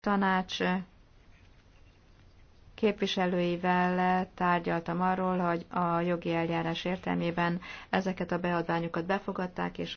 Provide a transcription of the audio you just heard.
tanács képviselőivel tárgyaltam arról, hogy a jogi eljárás értelmében ezeket a beadványokat befogadták, és